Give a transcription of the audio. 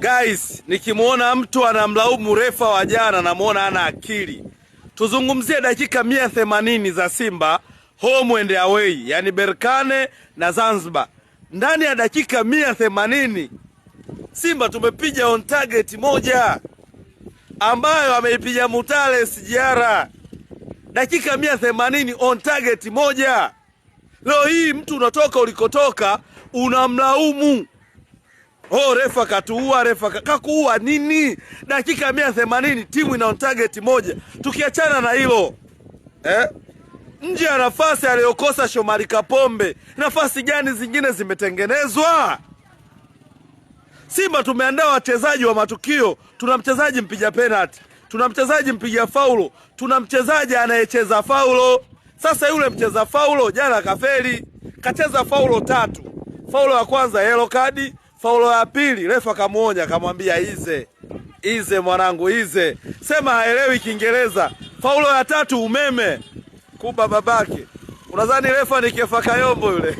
Guys, nikimwona mtu anamlaumu refa wa jana namwona ana akili. Tuzungumzie dakika mia themanini za Simba home and away, yani Berkane na Zanzibar. Ndani ya dakika mia themanini Simba tumepiga on target moja ambayo ameipiga Mutale Sijara, dakika mia themanini on target moja. Leo hii mtu unatoka ulikotoka unamlaumu Oh, refa katuua. Refa kakuua nini? dakika mia themanini timu ina on target moja. Tukiachana na hilo eh? nje ya nafasi aliyokosa Shomari Kapombe, nafasi gani zingine zimetengenezwa? Simba tumeandaa wachezaji wa matukio. Tuna mchezaji mpiga penalti, tuna mchezaji mpiga faulo, tuna mchezaji anayecheza faulo. Sasa yule mcheza faulo jana kafeli, kacheza faulo tatu. Faulo ya kwanza yellow kadi Faulo ya pili refa akamwonya, akamwambia ize ize, mwanangu ize, sema haelewi Kiingereza. Faulo ya tatu umeme kuba babake, unadhani refa ni Kefa Kayombo yule?